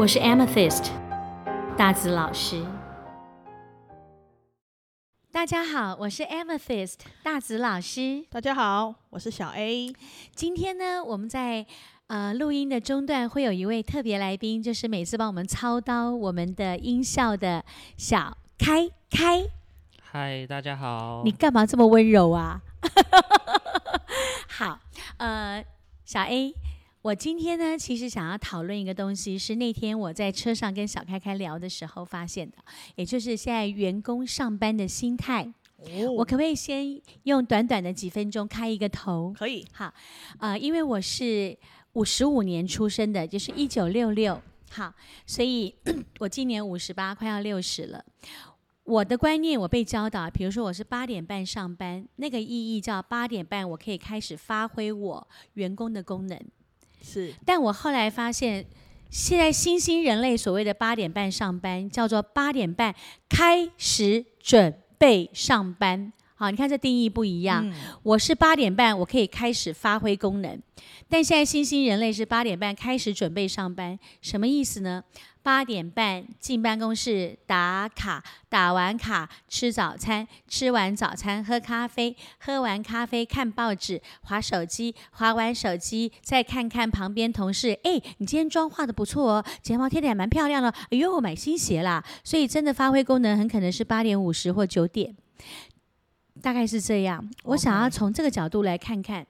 我是 Amethyst 大紫老師，大家好，我是 Amethyst 大紫老師，大家好，我是小 A。今天呢，我們在呃錄音的中段會有一位特別來賓，就是每次幫我們操刀我們的音效的小開開。嗨，大家好。你幹嘛這麼溫柔啊？ 好，呃，小 A。我今天呢，其實想要討論一個東西，是那天我在車上跟小開開聊的時候發現的，也就是現在員工上班的心態。Oh. 我可不可以先用短短的幾分鐘開一個頭？可以。好，啊、呃，因為我是五十五年出生的，就是一九六六，好，所以 我今年五十八，快要六十了。我的觀念，我被教導，比如說我是八點半上班，那個意義叫八點半，我可以開始發揮我員工的功能。是，但我後來發現，現在新興人類所謂的八點半上班，叫做八點半開始準備上班。好，你看這定義不一樣。嗯、我是八點半，我可以開始發揮功能，但現在新新人類，是八點半開始準備上班，什麼意思呢？八點半進辦公室打卡，打完卡吃早餐，吃完早餐喝咖啡，喝完咖啡看報紙，滑手機，滑完手機再看看旁邊同事。哎，你今天妝畫得不錯哦，睫毛貼得也蠻漂亮的，哦。哎呦，我買新鞋啦！所以真的發揮功能很可能是八點五十或九點。大概是這樣，我想要從這個角度來看看。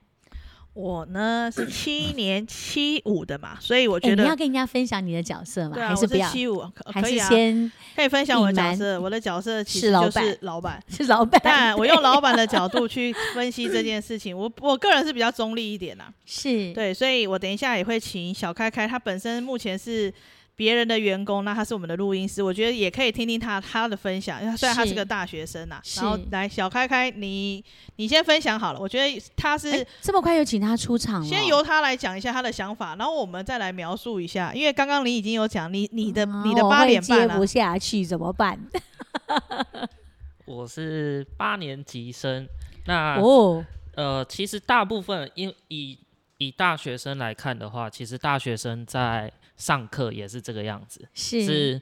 我呢是七年七五的嘛，所以我覺得你要跟人家分享你的角色嘛，還是不要？七五，可以啊。還是先可以分享我的角色，我的角色其實就是老闆，老闆是老闆。但我用老闆的角度去分析這件事情，我我個人是比較中立一點啊。是對，所以我等一下也會請小開開，他本身目前是別人的員工，那他是我們的錄音師，我覺得也可以聽聽他他的分享，因為雖然他是個大學生啊，是然後來小開開，你你先分享好了。我覺得他是，欸、這麼快就請他出場了，先由他來講一下他的想法，然後我們再來描述一下。因為剛剛你已經有講你你的，嗯、你的八點半了、啊，我會接不下去，怎麼辦？ 我是八年級生。那哦呃，其實大部分因以以，以大學生來看的話，其實大學生在。上課也是這個樣子，是，是，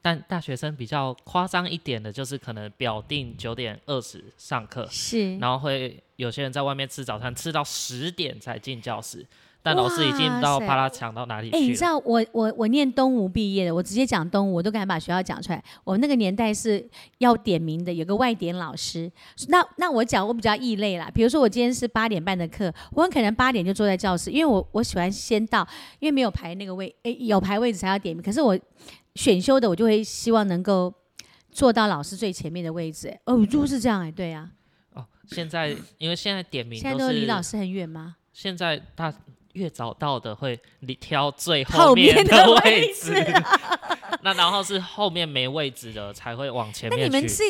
但大學生比較誇張一點的，就是可能表定九點二十上課，是，然後會有些人在外面吃早餐，吃到十點才進教室。那老師已經到怕他搶到哪裡去了。哎、欸，你知道我我我念東吳畢業的，我直接講東吳，我都敢把學校講出來。我那個年代是要點名的，有個外點老師。那那我講我比較異類啦。比如說我今天是八點半的課，我很可能八點就坐在教室，因為我我喜歡先到，因為沒有排那個位，哎、欸，有排位置才要點名。可是我選修的，我就會希望能夠坐到老師最前面的位置，欸。哦，就是這樣哎、欸，對呀，啊。哦，現在因為現在點名是，現在都離老師很遠嗎？現在他。越早到的會你挑最後面的位置，啊、 那然後是後面沒位置的才會往前面。那你們是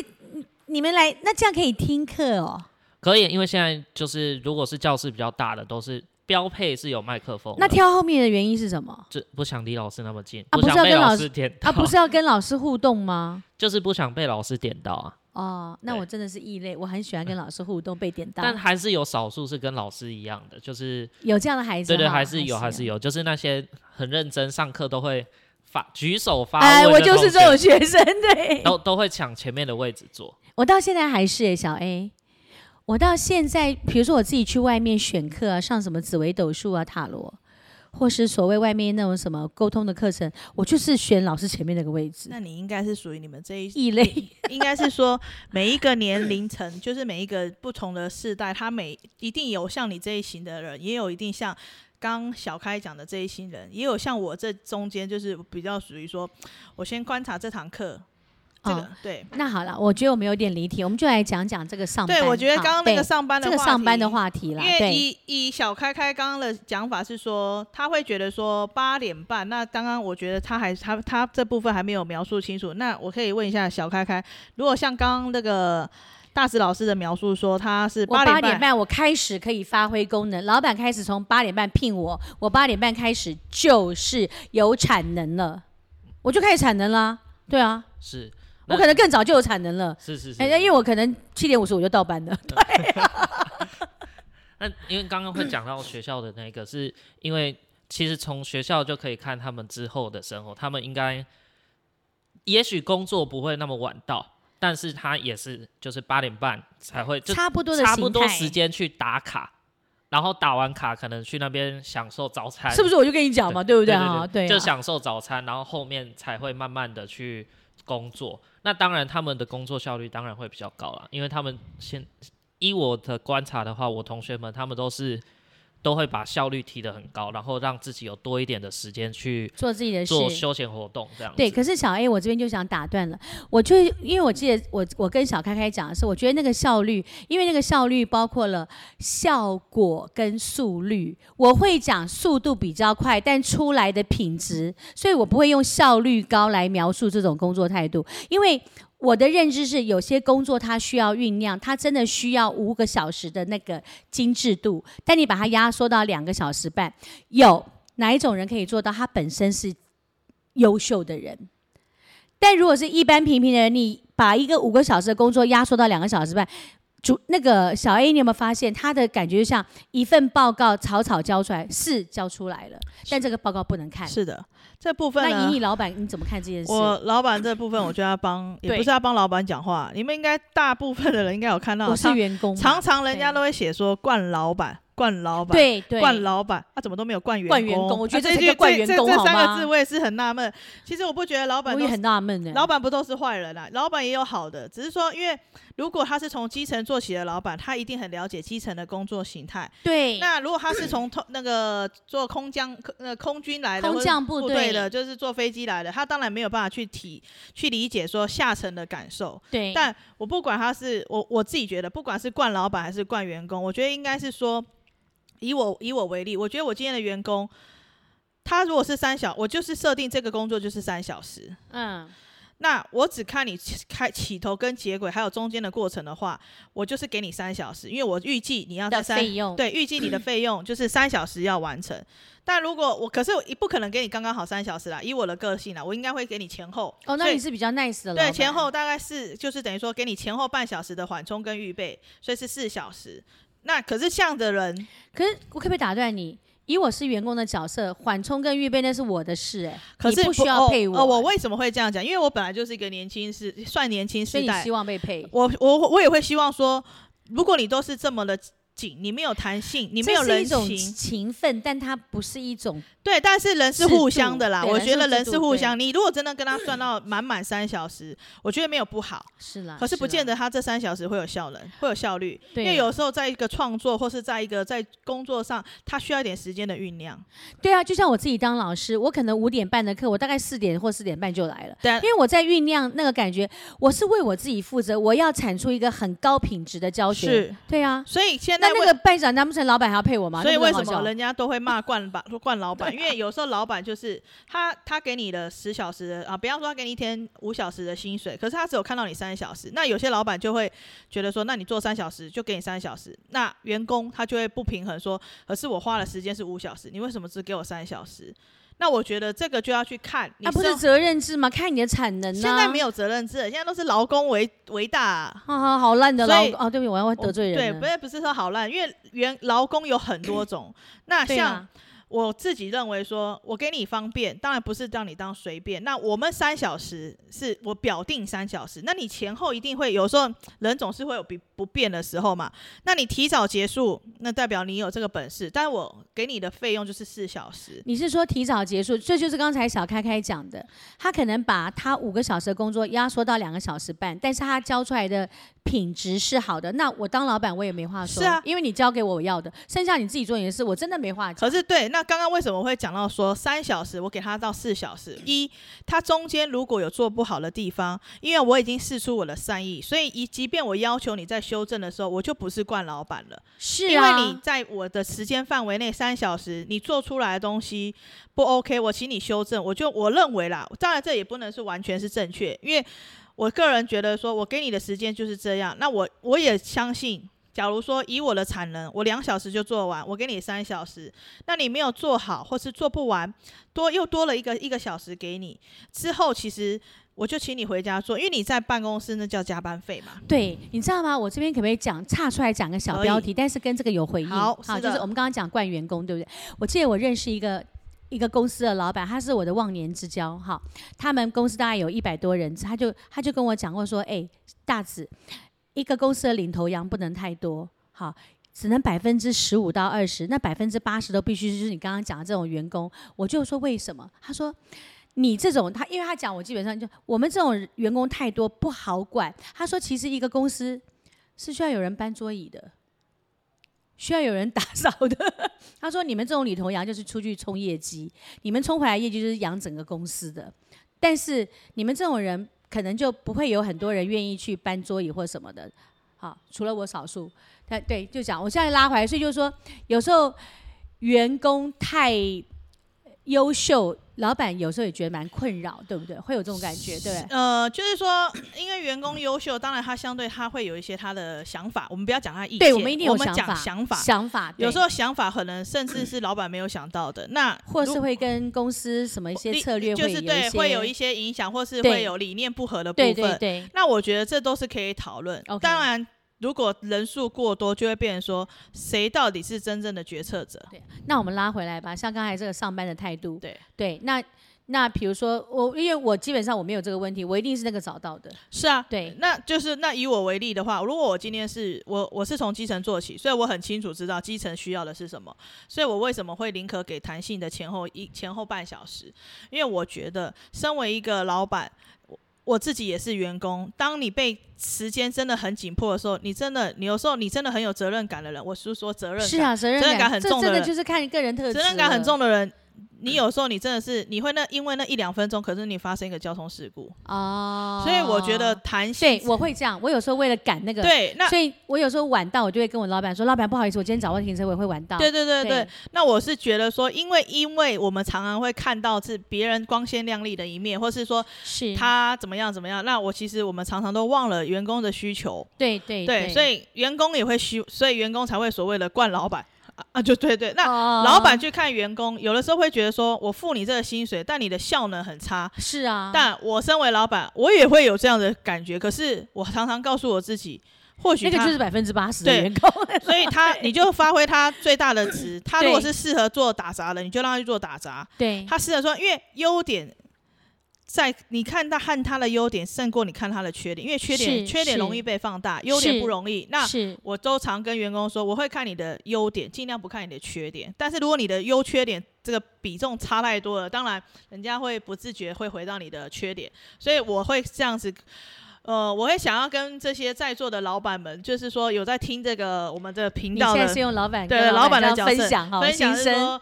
你們來，那這樣可以聽課哦？可以，因為現在就是如果是教室比較大的，都是標配是有麥克風。那挑後面的原因是什麼？就不想離老師那麼近啊，不是要跟老師點啊？不是要跟老師互動嗎？就是不想被老師點到啊。哦，那我真的是異類，對我很喜歡跟老師互動，被點到。但還是有少數是跟老師一樣的，就是有這樣的孩子，對，對對，還是有，還是有，就是那些很認真上課都會發舉手發，哎，我就是這種學生，對，都都會搶前面的位置坐。我到現在還是哎、欸，小 A，我到現在，比如說我自己去外面選課啊，上什麼紫微斗數啊、塔羅。或是所謂外面那種什麼溝通的課程，我就是選老師前面那個位置。那你應該是屬於你們這一異以類。 應該是說每一個年齡層， 就是每一個不同的世代，他每一定有像你這一型的人，也有一定像剛小開講的這一型人，也有像我這中間，就是比較屬於說我先觀察這堂課，這個、哦，對，那好了，我覺得我們有點離題，我們就來講講這個上班。對，好我覺得剛剛那個上班的話題這個上班的話題啦，因為以對以小開開剛剛的講法是說，他會覺得說八點半。那剛剛我覺得他還他他這部分還沒有描述清楚。那我可以問一下小開開，如果像剛剛那個大石老師的描述說，他是八點半，我八點半我開始可以發揮功能，老闆開始從八點半聘我，我八點半開始就是有產能了，我就開始產能啦。對啊，是。我，我可能更早就有產能了，是是是、欸，哎，是是因為我可能七點五十五就到班了。對。那因為剛剛會講到學校的那個，是因為其實從學校就可以看他們之後的生活，他們應該也許工作不會那麼晚到，但是他也是就是八點半才會差不多的時間去打卡，然後打完卡可能去那邊享受早餐，是不是？我就跟你講嘛，對不對，對，對，對啊？對，就享受早餐，然後後面才會慢慢的去。工作，那當然他們的工作效率當然會比較高了，因為他們先依我的觀察的話，我同學們他們都是。都會把效率提得很高，然後讓自己有多一點的時間去做自己的事、休閒活動，這樣對。可是小 A，我這邊就想打斷了，我就因為我記得我我跟小開開講的是，我覺得那個效率，因為那個效率包括了效果跟速率。我會講速度比較快，但出來的品質，所以我不會用效率高來描述這種工作態度，因為。我的認知是，有些工作它需要醞釀，它真的需要五個小時的那個精緻度，但你把它壓縮到兩個小時半，有哪一種人可以做到？他本身是優秀的人，但如果是一般平平的人，你把一個五個小時的工作壓縮到兩個小時半。主那個小 A，你有沒有發現他的感覺就像一份報告草草交出來，是交出來了，但這個報告不能看。是的，這部分。那以你老板你怎麼看這件事？我老板這部分，我覺得要幫，嗯、也不是要幫老板講話。對你們應該大部分的人應該有看到，啊、我是員工，常常人家都會寫說慣“慣對老板，慣老板，對對，慣老板”，他、啊、怎麼都沒有“慣員工”員工。我覺得這，慣員、啊、這句“這工這，這三個字”我也是很納悶。其實我不覺得老板，我也很納悶哎，老板不都是壞人啦、啊？老板也有好的，只是說因為。如果他是從基層做起的老板，他一定很了解基層的工作形態。對。那如果他是從那個做空降、空軍來的，空降部隊的，就是坐飛機來的，他當然沒有辦法去體去理解說下層的感受。對。但我不管他是我我自己覺得，不管是慣老板還是慣員工，我覺得應該是說，以我以我為例，我覺得我今天的員工，他如果是三小，我就是設定這個工作就是三小時。嗯。那我只看你起頭跟結尾，還有中間的過程的話，我就是給你三小時，因為我預計你要三小時。對，預計用你的費用就是三小時要完成。 但如果我可是我也不可能給你剛剛好三小時啦，以我的個性啦，我應該會給你前後哦。那你是比較 nice 的了。對，前後大概是就是等於說，給你前後半小時的緩衝跟預備，所以是四小時。那可是這樣的人，可是我可不可以打斷你？以我是員工的角色，緩衝跟預備那是我的事，欸，可是你不需要配我，欸哦。哦，我為什麼會這樣講？因為我本來就是一個年輕，是算年輕世代，所以你希望被配。我我我也會希望說，如果你都是這麼的。你沒有彈性，你沒有人情情分。但它不是一種對，但是人是互相的啦。我覺得人是互相。你如果真的跟他算到滿滿三小時，我覺得沒有不好，是啦。可是不見得他這三小時會有效能，啦會有效率，對啊，因為有時候在一個創作或是在一個在工作上，他需要一點時間的醞釀。對啊，就像我自己當老師，我可能五點半的課，我大概四點或四點半就來了，啊、因為我在醞釀那個感覺。我是為我自己負責，我要產出一個很高品質的教學。是對啊。所以現在。那為了班長，難不成老闆還要配我嗎？所以為什麼人家都會罵慣說慣老闆？ 啊、因為有時候老闆就是他，他給你的十小時的啊，比方說他給你一天五小時的薪水，可是他只有看到你三小時。那有些老闆就會覺得說，那你做三小時就給你三小時。那員工他就會不平衡說，可是我花的時間是五小時，你為什麼只給我三小時？那我覺得這個就要去看，那、啊、不是責任制嗎？看你的產能呢、啊。現在沒有責任制，現在都是勞工為為大好、啊、好爛的勞工。所以、啊、對不起，我要會得罪人我。對，不是不是說好爛，因為原勞工有很多種。 那像。我自己認為說，我給你方便，當然不是讓你當隨便。那我們三小時是我表定三小時，那你前後一定會，有時候人總是會有不便的時候嘛。那你提早結束，那代表你有這個本事。但我給你的費用就是四小時。你是說提早結束？這就是剛才小開開講的，他可能把他五個小時的工作壓縮到兩個小時半，但是他交出來的。品質是好的，那我當老闆我也沒話說。是啊，因為你交給我，我要的，剩下你自己做的也是我真的沒話講。可是對，那剛剛為什麼我會講到說三小時我給他到四小時？一，他中間如果有做不好的地方，因為我已經釋出我的善意，所以一即便我要求你在修正的時候，我就不是慣老闆了。是啊，因為你在我的時間範圍內三小時，你做出來的東西不 OK，我請你修正，我就我認為啦。當然這也不能是完全是正確，因為。我個人覺得說，我給你的時間就是這樣。那我我也相信，假如說以我的產能，我兩小時就做完，我給你三小時，那你沒有做好或是做不完，多又多了一個一個小時給你。之後其實我就請你回家做，因為你在辦公室那叫加班費嘛。對，你知道嗎？我這邊可不可以講岔出來講個小標題，以但是跟這個有回應。好、啊，就是我們剛剛講慣員工對不對？我記得我認識一個。一個公司的老闆，他是我的忘年之交，哈，他們公司大概有一百多人，他就他就跟我講過說，哎，大子，一個公司的領頭羊不能太多，好，只能百分之十五到二十，那百分之八十都必須就是你剛剛講的這種員工。我就說為什麼？他說你這種，他因為他講我基本上就我們這種員工太多不好管。他說其實一個公司是需要有人搬桌椅的。需要有人打掃的， 他說：“你們這種領頭羊就是出去衝業績，你們衝回來業績就是養整個公司的，但是你們這種人可能就不會有很多人願意去搬桌椅或什麼的，好，除了我少數，他對，就講我現在拉回來，所以就說有時候員工太優秀。”老闆有時候也覺得蠻困擾，對不對？會有這種感覺，對。呃，就是說，因為員工優秀，當然他相對他會有一些他的想法。我們不要講他意見，對，我們一定要講想法。想法，想法有時候想法可能甚至是老闆沒有想到的。那或是會跟公司什麼一些策略些，就是對，會有一些影響，或是會有理念不合的部分。對對，對對。那我覺得這都是可以討論。Okay 當然。如果人數過多，就會變成說誰到底是真正的決策者？對，那我們拉回來吧。像剛才這個上班的態度，對對。那那比如說我，因為我基本上我沒有這個問題，我一定是那個找到的。是啊，對。那就是那以我為例的話，如果我今天是我我是從基層做起，所以我很清楚知道基層需要的是什麼。所以我為什麼會寧可給彈性的前後一、前後半小時？因為我覺得身為一個老闆，我。我自己也是員工。當你被時間真的很緊迫的時候，你真的，你有時候你真的很有責任感的人。我是說責任感，是啊，責任感，責任感很重的人。這真的就是看個人特質。責任感很重的人。你有時候你真的是，你會那因為那一兩分鐘，可是你發生一個交通事故哦。所以我覺得彈性。對，我會這樣。我有時候為了趕那個對，那所以我有時候晚到，我就會跟我老板說：“老板，不好意思，我今天早上停車我也會晚到。”對對對對。對，那我是覺得說，因為因為我們常常會看到是別人光鮮亮麗的一面，或是說是他怎麼樣怎麼樣，是。那我其實我們常常都忘了員工的需求。對對對，對，所以員工也會需，所以員工才會所謂的慣老板。啊，就對對，那老闆去看員工，uh. 有的時候會覺得說，我付你這個薪水，但你的效能很差。是啊，但我身為老闆，我也會有這樣的感覺。可是我常常告訴我自己，或許那個就是百分之八十的員工，對所以他你就發揮他最大的值。 他如果是適合做打雜的，對你就讓他去做打雜。對他適合說，因為優點。在你看他和他的優點勝過你看他的缺點，因為缺點是缺點容易被放大，是優點不容易。是那我都常跟員工說，我會看你的優點，盡量不看你的缺點。但是如果你的優缺點這個比重差太多了，當然人家會不自覺會回到你的缺點。所以我會這樣子，呃，我會想要跟這些在座的老闆們，就是說有在聽這個我們的頻道的，現在是用老闆跟對老闆的分享，色分享是說。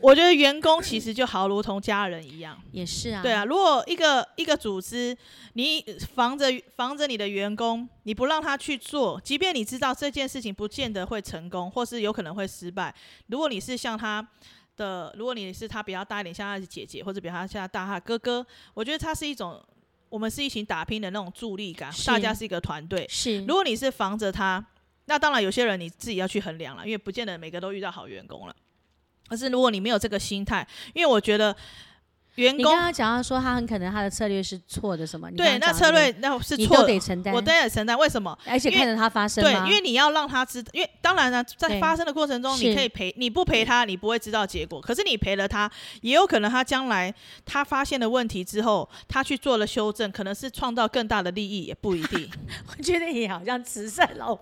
我覺得員工其實就好如同家人一樣，也是啊。對啊，如果一個一個組織，你防着防着你的員工，你不讓他去做，即便你知道這件事情不見得會成功，或是有可能會失敗。如果你是像他的，如果你是他比較大一點，像他的姐姐，或者比他現在大他哥哥，我覺得他是一種我們是一起打拼的那種助力感，是大家是一個團隊。是，如果你是防着他，那當然有些人你自己要去衡量了，因為不見得每個都遇到好員工了。可是如果你沒有這個心態，因為我覺得員工，你剛剛講到說他很可能他的策略是錯的，什麼？對，你剛剛那策略那是錯都得我都要承擔。為什麼？而且看着他發生？對，因為你要讓他知道，因為當然呢、啊，在發生的過程中，你可以賠你不賠他，你不會知道結果。可是你賠了他，也有可能他將來他發現了問題之後，他去做了修正，可能是創造更大的利益，也不一定。 我覺得你好像慈善老闆。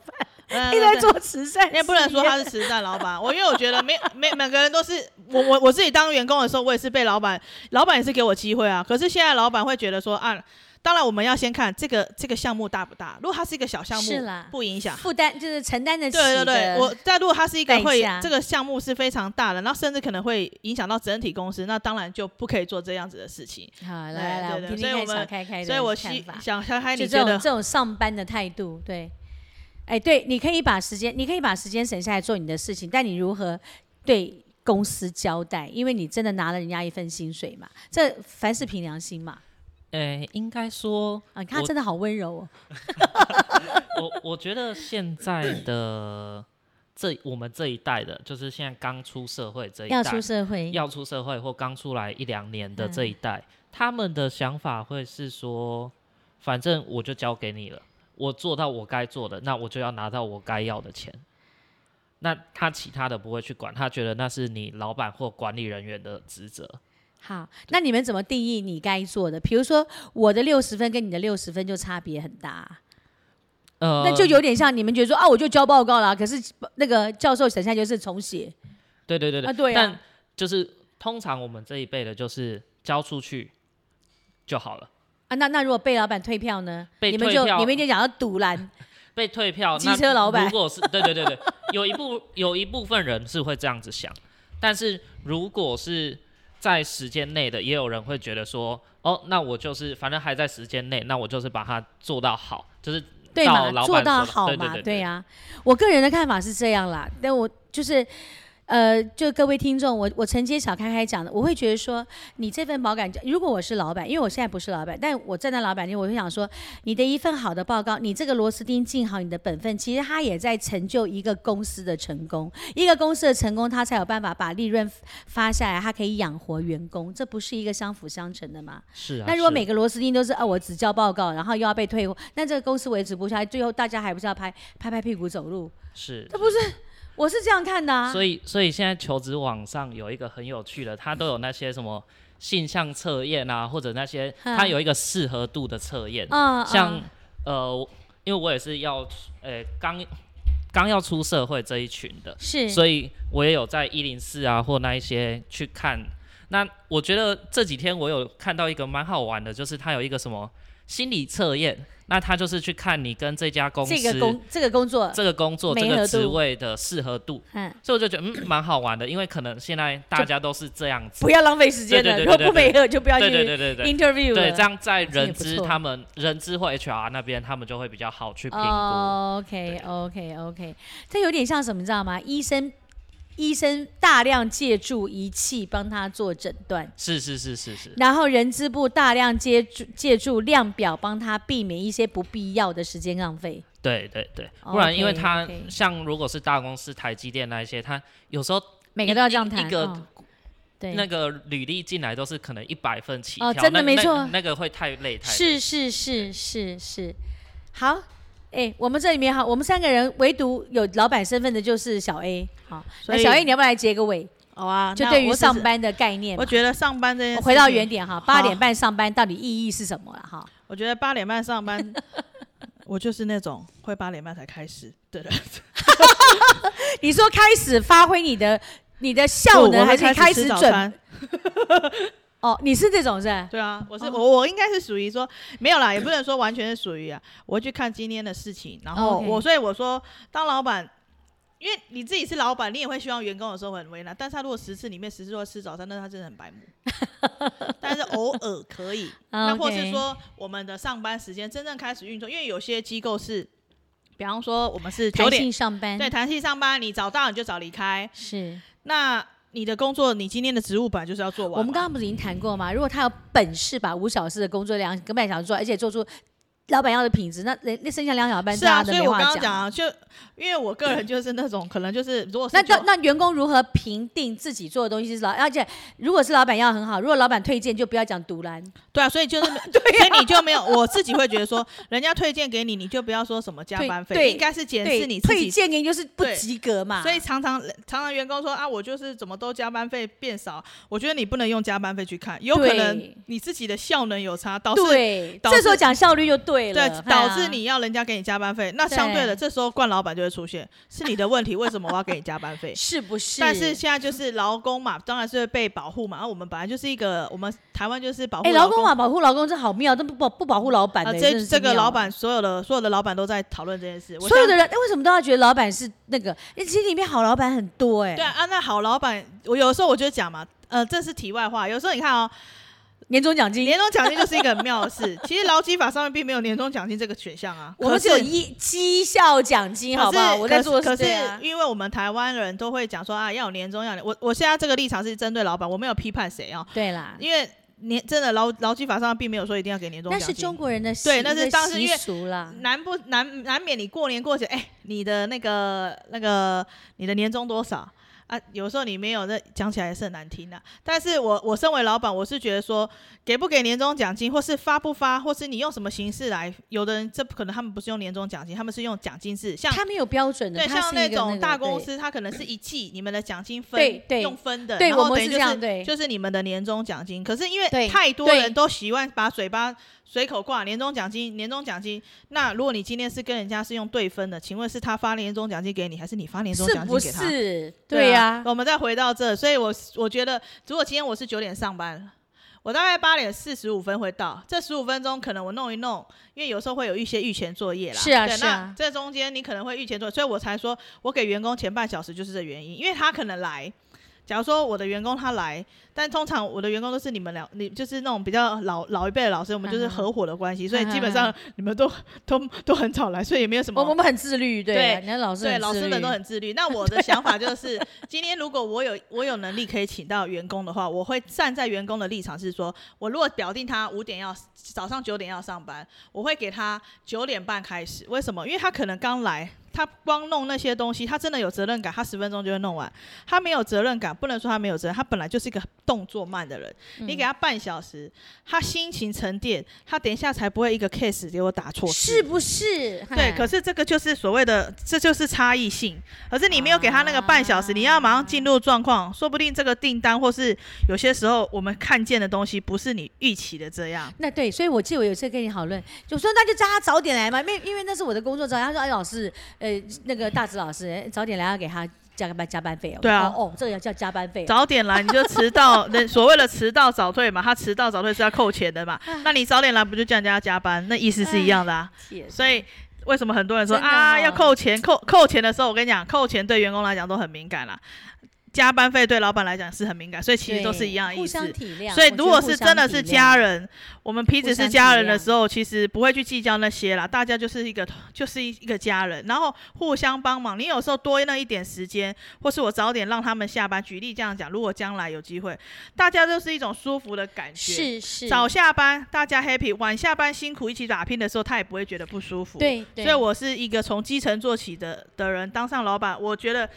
在做慈善，你也不能說他是慈善老闆。我因為我覺得，沒沒每個人都是我我我自己當員工的時候，我也是被老闆，老闆也是給我機會啊。可是現在老闆會覺得說啊，當然我們要先看這個這個項目大不大。如果它是一個小項目，是啦，不影響負擔，就是承擔得起。對對對，我但如果它是一個會這個項目是非常大的，那甚至可能會影響到整體公司，那當然就不可以做這樣子的事情。好，來來來，所以我們所開開的想法。就這種這種上班的態度，對。哎，對，你可以把時間，你可以把時間省下來做你的事情，但你如何對公司交代？因為你真的拿了人家一份薪水嘛，這凡事憑良心嘛。哎，應該說，啊，你看他真的好溫柔哦。 我我覺得現在的這我們這一代的，就是現在剛出社會這一代，要出社會，要出社會或剛出來一兩年的這一代，嗯、他們的想法會是說，反正我就交給你了。我做到我該做的，那我就要拿到我該要的錢。那他其他的不會去管，他覺得那是你老板或管理人員的職責。好，那你們怎麼定義你該做的？比如說我的六十分跟你的六十分就差別很大。呃，那就有點像你們覺得說，啊，我就交報告了，可是那個教授省下就是重寫。對對對對，啊、對、啊。但就是通常我們這一輩的，就是交出去就好了。啊、那那如果被老闆退票呢？被退票你們就你們一定想要堵攔，被退票機車老闆，如果是對對對對， 有一部有一部分人是會這樣子想， 但是如果是在時間內的，也有人會覺得說，哦，那我就是反正還在時間內，那我就是把它做到好，就是老對嘛，做到好嘛，對呀、啊。我個人的看法是這樣啦，但我就是。呃，就各位聽眾，我我承接小開開講的，我會覺得說，你這份保感，如果我是老闆，因為我現在不是老闆，但我站在老闆裡，我就想說，你的一份好的報告，你這個螺絲釘盡好你的本分，其實他也在成就一個公司的成功。一個公司的成功，他才有辦法把利潤發下來，他可以養活員工，這不是一個相輔相成的嗎？是啊。那如果每個螺絲釘都是啊、哦，我只交報告，然後又要被退貨，那這個公司維持不下來，最後大家還不是要拍拍拍屁股走路？是。這不是。我是這樣看的啊，所以所以現在求職網上有一個很有趣的，它都有那些什麼性向測驗啊，或者那些它有一個適合度的測驗，嗯、像、嗯、呃，因為我也是要，呃、欸，剛剛要出社會這一群的，是，所以我也有在一零四啊或那一些去看。那我覺得這幾天我有看到一個蠻好玩的，就是它有一個什麼心理測驗。那他就是去看你跟這家公司，這個工，這個工作，這個工作，這個職位的適合度。合度嗯，所以我就覺得嗯蠻好玩的，因為可能現在大家都是這樣子，不要浪費時間的，如果不配合就不要去對對對對對，interview 對，這樣在人資、啊，他們人資或 HR 那邊他們就會比較好去評估。Oh, OK 對 OK OK，這有點像什麼你知道嗎？醫生。醫生大量借助儀器幫他做診斷，是是是是是。然後人資部大量借助借助量表幫他避免一些不必要的時間浪費。對對對，哦、不然 okay, 因為他 okay 像如果是大公司台積電那一些，他有時候每個都要這樣談一個，哦、對那個履歷進來都是可能一百份起跳、哦，真的沒錯，那個會累太累太。是是是是是，對是是是好。哎、欸，我們這裡面哈，我們三個人唯獨有老闆身份的就是小 A。好，所以小 A，你要不要來接個尾？好、oh、啊，就對於上班的概念我。我覺得上班這我回到原點哈，好八點半上班到底意義是什麼了哈？我覺得八點半上班， 我就是那種會八點半才開始對的 你說開始發揮你的你的效能，還是開始準？早 哦，oh, 你是這種是，是？對啊，我是、oh. 我我應該是屬於說沒有啦，也不能說完全是屬於啊。我去看今天的事情，然後我 Okay. 所以我說當老板，因為你自己是老板，你也會希望員工有時候很為難。但是他如果十次裡面十次都吃早餐，那他真的很白目， 但是偶爾可以。 Okay. 那或是說我們的上班時間真正開始運作，因為有些機構是，比方說我們是九點彈性上班，對，彈性上班，你早到你就早離開，是那。你的工作，你今天的職務本來就是要做完。我們剛剛不是已經談過嗎？如果他有本事把五小時的工作量，跟半小時做完，而且做出。老闆要的品質，那人那剩下兩小半是啊，所以，我剛剛講啊，就因為我個人就是那種對可能就是，如果那個、那員工如何評定自己做的東西是老，而且如果是老闆要很好，如果老闆推薦就不要講獨攬。對啊，所以就是， 對啊、所以你就沒有，我自己會覺得說， 人家推薦給你，你就不要說什麼加班費，對應該是檢視你自己。對推薦你就是不及格嘛，所以常常常常員工說啊，我就是怎麼都加班費變少，我覺得你不能用加班費去看，有可能你自己的效能有差，對導致，對導致這時候講效率就對了。對，導致你要人家給你加班費，哎、呀那相對的，對這時候慣老闆就會出現，是你的問題，為什麼我要給你加班費？ 是不是？但是現在就是勞工嘛，當然是被保護嘛。然、啊、我們本來就是一個，我們台灣就是保護。哎、欸，勞工嘛，保護勞工，這好妙，這不保不保護老板的、啊。這的這個老板所有的所有的老板都在討論這件事。所有的人、欸、為什麼都要覺得老板是那個？哎，其實裡面好老板很多哎、欸。對啊，那好老板，我有時候我覺得講嘛，呃，這是題外話。有時候你看哦、喔。年終獎金，年終獎金就是一個很妙的事。 其實勞基法上面並沒有年終獎金這個選項啊，是我們只有一績效獎金，好不好？可是我在做的是，可是、啊、因為我們台灣人都會講說啊，要有年終，要我。我現在這個立場是針對老闆，我沒有批判誰哦。對啦，因為年真的勞勞基法上面並沒有說一定要給年終獎金，那是中國人的習對，那是當時習俗啦，難不難難免你過年過節，哎，你的那個那個你的年終多少？啊，有時候你沒有，那講起來是很難聽的。但是我我身為老板，我是覺得說，給不給年終獎金，或是發不發，或是你用什麼形式來，有的人這可能他們不是用年終獎金，他們是用獎金制，像他們有標準的，對，個那個、像那種大公司，對他可能是一季你們的獎金分對對用分的，然後等於就是、對，我們是這樣，對，就是你們的年終獎金。可是因為太多人都習慣把嘴巴。隨口掛年終獎金，年終獎金。那如果你今天是跟人家是用對分的，請問是他發年終獎金給你，還是你發年終獎金給他？是，是，對呀、啊。對啊。我們再回到這，所以我我覺得，如果今天我是九點上班，我大概八點四十五分會到，這十五分鐘可能我弄一弄，因為有時候會有一些預前作業啦。是啊，對，是啊。那這中間你可能會預前做，所以我才說我給員工前半小時就是這原因，因為他可能來。假如說我的員工他來，但通常我的員工都是你們兩，你就是那種比較老老一輩的老師，我們就是合夥的關係，所以基本上你們都都都很早來，所以也沒有什麼。我,我們很自律，對，對，老師們都很自律。那我的想法就是， 啊、今天如果我有我有能力可以請到員工的話，我會站在員工的立場是說，我如果表定他五點要早上九點要上班，我會給他九點半開始。為什麼？因為他可能剛來。他光弄那些東西，他真的有責任感，他十分鐘就會弄完。他沒有責任感，不能說他沒有責任，他本來就是一個動作慢的人。嗯、你給他半小時，他心情沉澱，他等一下才不會一個 case 給我打錯。是不是？對，可是這個就是所謂的，這就是差異性。可是你沒有給他那個半小時，啊、你要馬上進入狀況，啊、說不定這個訂單或是有些時候我們看見的東西不是你預期的這樣。那對，所以我記得我有一次跟你討論，就說那就叫他早點來嘛，因為因為那是我的工作早。他說哎，老師。呃，那個大直老師，早點來要給他加個班加班費哦。對啊哦，哦，這個要叫加班費啊。早點來你就遲到，那 所謂的遲到早退嘛，他遲到早退是要扣錢的嘛。唉那你早點來不就叫人家加班？那意思是一樣的啊。所以為什麼很多人說，哦，啊要扣錢？扣扣錢的時候，我跟你講，扣錢對員工來講都很敏感啦。加班費對老板來講是很敏感，所以其實都是一樣的意思。互相體諒。所以如果是真的是家人，我,我們彼此是家人的時候，其實不會去計較那些啦。大家就是一個就是一一個家人，然後互相幫忙。你有時候多那一點時間，或是我早點讓他們下班。舉例這樣講，如果將來有機會，大家都是一種舒服的感覺。是是。早下班大家 happy，晚下班辛苦一起打拼的時候，他也不會覺得不舒服。對。對所以我是一個從基層做起的的人，當上老板，我覺得。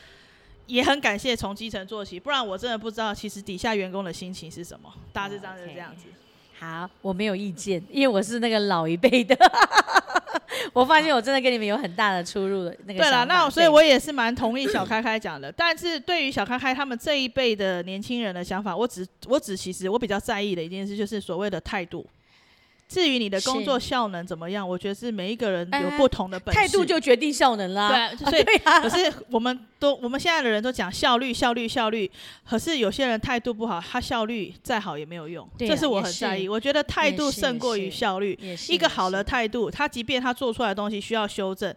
也很感謝從基層做起，不然我真的不知道其實底下員工的心情是什麼。大致上是這樣子。Okay. 好，我沒有意見，因為我是那個老一輩的。 我發現我真的跟你們有很大的出入的那。那個對了，那所以我也是蠻同意小開開講的。 但是對於小開開他們這一輩的年輕人的想法，我只我只其實我比較在意的一件事，就是所謂的態度。至於你的工作效能怎麼樣，是我覺得是每一個人有不同的本事。欸、態度就決定效能啦。對、啊，所以、啊啊、可是我們都我們現在的人都講效率，效率，效率。可是有些人態度不好，他效率再好也沒有用。對啊、這是我很在意。是我覺得態度勝過於效率。一個好的態度，他即便他做出來的東西需要修正，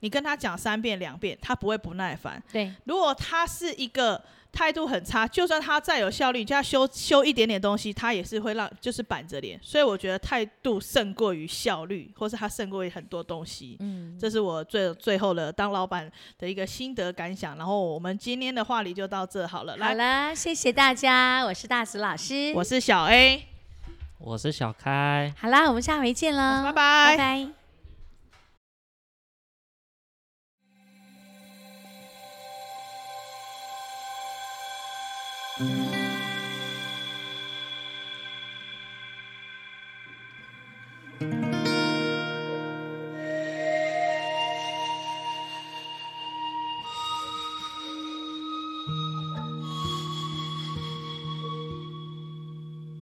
你跟他講三遍兩遍，他不會不耐煩。對如果他是一個。態度很差，就算他再有效率，你叫他修修一點點東西，他也是會讓就是板着臉。所以我覺得態度勝過於效率，或是他勝過於很多東西。嗯，這是我最最後的當老闆的一個心得感想。然後我們今天的話題就到這好了。來，好了，謝謝大家，我是大石老師，我是小 A，我是小開。好啦，我們下回見了，拜拜。拜拜。